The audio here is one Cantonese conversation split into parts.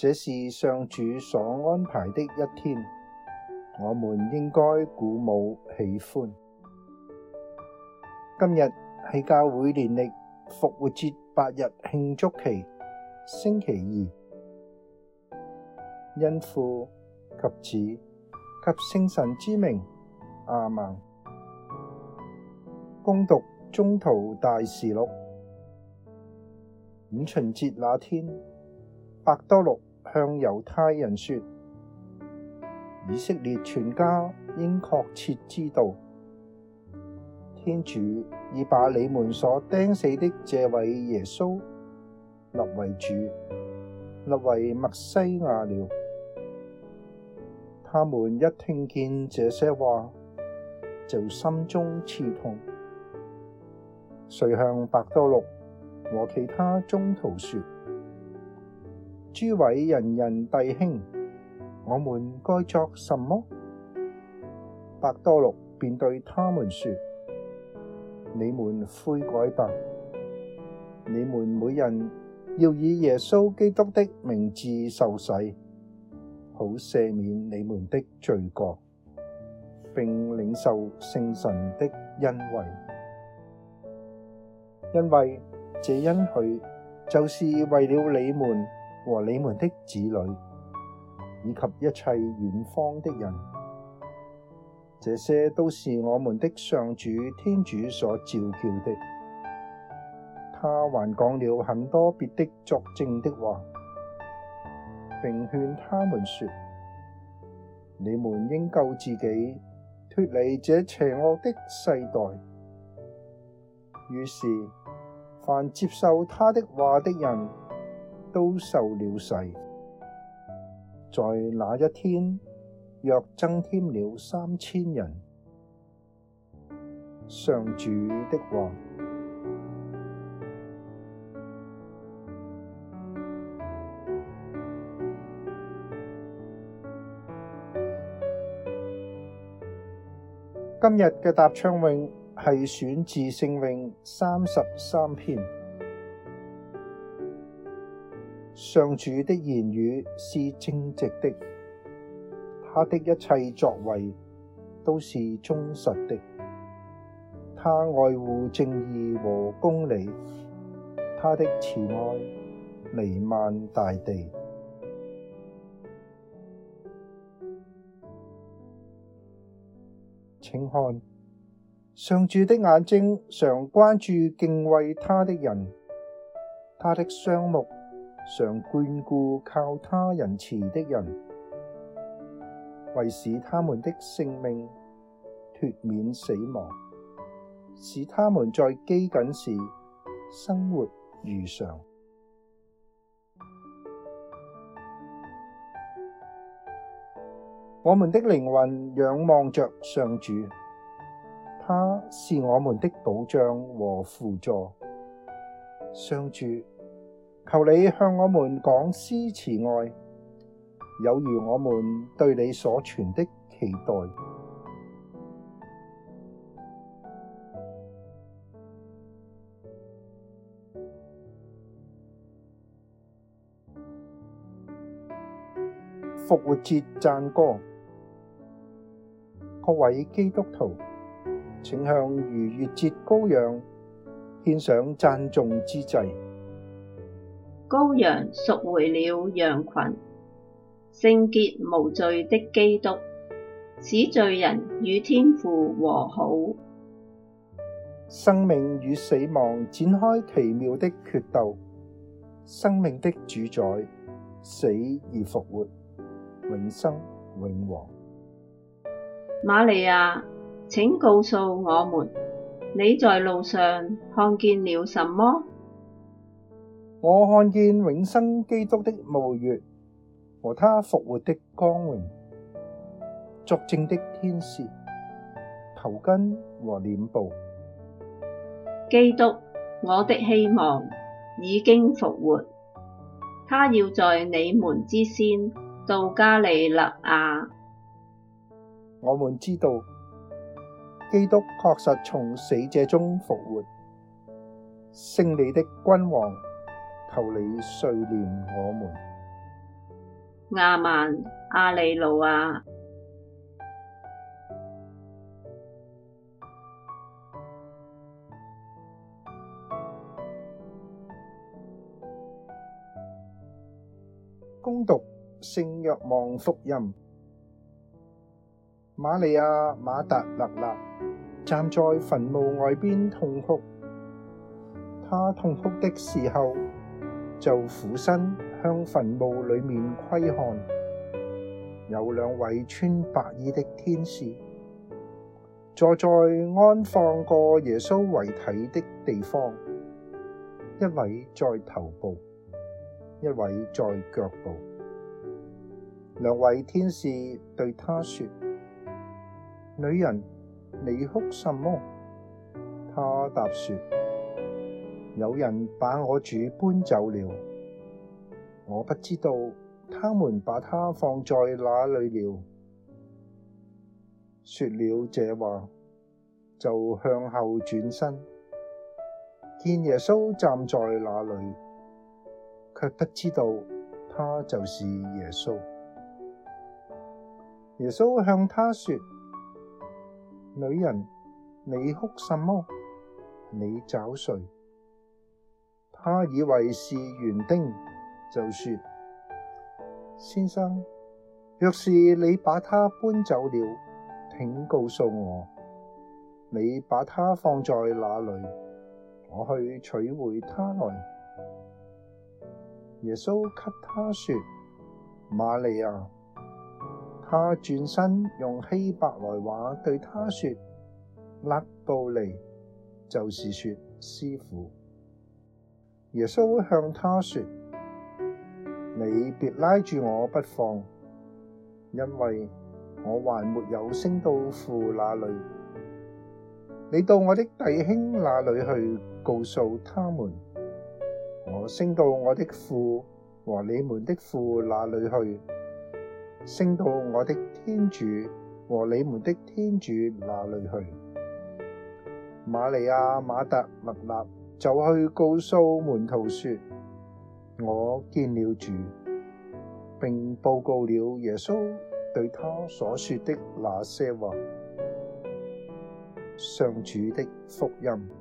這是上主所安排的一天，我們應該鼓舞喜歡。今日係教會年曆復活節八日慶祝期，星期二。因父及子及聖神之名，阿孟。恭讀《宗徒大事錄》五旬節那天，伯多祿。向猶太人說：以色列全家應確切知道，天主已把你們所釘死的這位耶穌立為主，立為默西亞了。他們一聽見這些話，就心中刺痛。遂向伯多祿和其他宗徒說。諸位仁人弟兄，我們該作什麼？伯多祿便對他們說：“你們悔改吧！你們每人要以耶穌基督的名字受洗，好赦免你們的罪過，並領受聖神的恩惠，因為這恩許就是為了你們。”和你們的子女，以及一切遠方的人，這些都是我們的上主天主所召叫的。他還講了很多別的作證的話，並勸他們說：你們應救自己，脫離這邪惡的世代。於是，凡接受他的話的人，都受了洗，在那一天約增添了三千人。上主的話。今日嘅答唱詠係選自聖詠三十三篇。上主的言語是正直的，他的一切作為都是忠實的。他愛護正義和公理，他的慈愛瀰漫大地。請看，上主的眼睛常關注敬畏他的人，他的雙目。常眷顧靠他仁慈的人，為使他們的性命脱免死亡，使他們在饑饉時生活如常。我們的靈魂仰望着上主，他是我們的保障和扶助。上主。求你向我們廣施慈愛，有如我們對你所存的期待。復活節讚歌，各位基督徒，請向逾越節羔羊獻上讚頌之祭。羔羊贖回了羊群，聖潔無罪的基督使罪人與天父和好。生命與死亡展開奇妙的決鬥，生命的主宰死而復活，永生永王。瑪利亞，請告訴我們，你在路上看見了什麼？我看見永生基督的墓穴和他復活的光榮，作證的天使、頭巾和殮布。基督，我的希望已經復活，他要在你們之先到加里肋亞。我們知道，基督確實從死者中復活，勝利的君王。求你垂憐我們。亞孟。亞肋路亞、啊。恭讀《聖若望福音》瑪，瑪利亞瑪達肋納站在墳墓外邊痛哭。她痛哭的時候，就俯身向墳墓裏面窺看，有兩位穿白衣的天使坐在安放過耶穌遺體的地方，一位在頭部，一位在腳部。兩位天使對他說：「女人，你哭什麼？」他答說：有人把我主搬走了，我不知道他們把他放在哪裏了。說了這話，就向後轉身，見耶穌站在那裏，卻不知道他就是耶穌。耶穌向他說：女人，你哭什麼？你找誰？他以為是園丁，就說：先生，若是你把他搬走了，請告訴我，你把他放在哪裡，我去取回他來。耶穌給他說：瑪利亞，他轉身用希伯來話對他說：辣步尼，就是說師，師傅。耶穌向他說：你別拉住我不放，因為我還沒有升到父那裏。你到我的弟兄那裏去，告訴他們，我升到我的父和你們的父那裏去，升到我的天主和你們的天主那裏去。瑪利亞瑪達肋納就去告訴門徒說：我見了主，並報告了耶穌對她所說的那些話。上主的福音。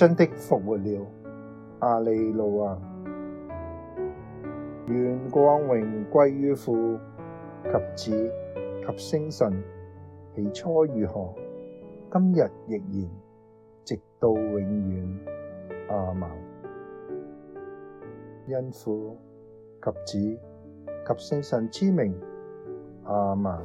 真的復活了，亞肋路亞！願光榮歸於父及子及聖神，起初如何，今日亦然，直到永遠，亞孟。因父及子及聖神之名，亞孟。